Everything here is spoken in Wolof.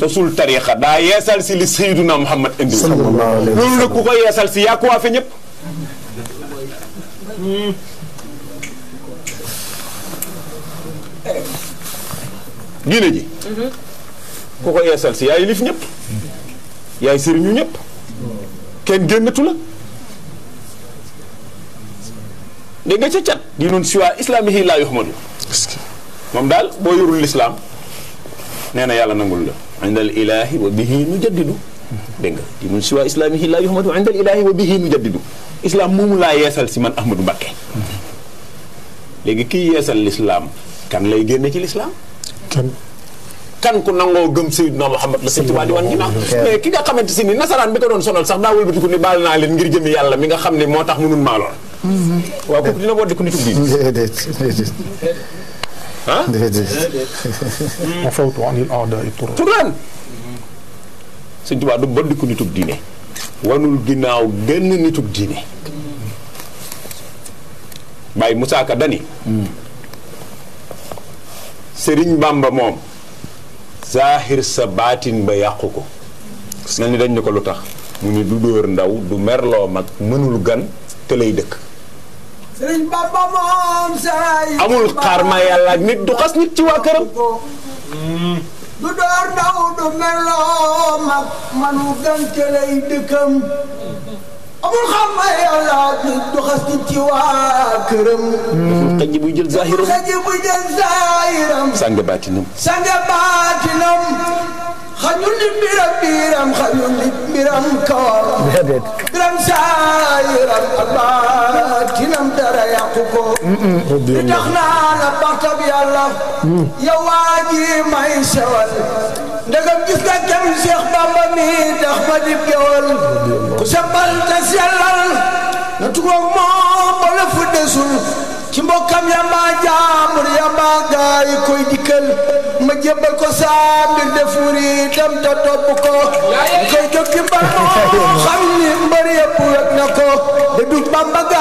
sosul tariixa daa yeesal si li Seydina Muhammad indi loolu nag ku ko yeesal si yaa ko waa fe ñëpp ji ku ko yeesal si yaay lif ñëpp yaay sëriñu ñëpp kenn génnatu la dégg nga ca di noonu siwaa islaamihi laa yuhmadu moom daal boo yorul lislaam nee na yàlla nangul la indal ilaahi wa bihi nu jaddidu dégg nga di mun siwaa islaamihi laa yuhmadu indal ilaahi wa bihi nu jaddidu islaam moomu laa yeesal si man Ahmadou Mbacké léegi kii ci lislaam kan kan ku nangoo gëm Seydina Muhammad la sëñ Tuubaa di wan ginnaaw mais ki nga si ni nasaraan bi ko doon sonal sax daa wëlbatiku ni baal naa leen ngir mi nga ne moo tax mënul maaloon mhm. waaw kooku dina woddiku nitu diin ah déedéet. ma fawtu anil aada i turan. turan. sëñ Tuubaa du ba dikku nitug diine. wanul ginnaaw genn nitug diine. Baye Moussa dani. Hmm. Sëriñ Bamba moom. Zahir sa baatin ba yàqu ko. mel ni dañ ne ko lu tax. mu ni du dóor ndaw du merloo mag mënul gan te lay dëkk. amul xaar ma yàlla du xas nit ci waa këram. du door daw du meloo mag manu gante lay dëkkam amul du xas nit ci waa këram. xaj buy jël zaahiram xaj buy jël zaahiram. sànga baatinam sànga baatinam xajul nit mbiram biiram xajul nit mbiram kawar. biram saayiram ak dara yàqu ko li tax la baxtab yàlla yow waa ji may sewal ndegam gis mi tax ma dib gewal ku kan sebal te sellal na tugoog moom ba la fu desul ci mbokkam yamba jaamur yamba gaay koy dikkal ma jébbal ko saa mbir de dem ko koy de du Bamba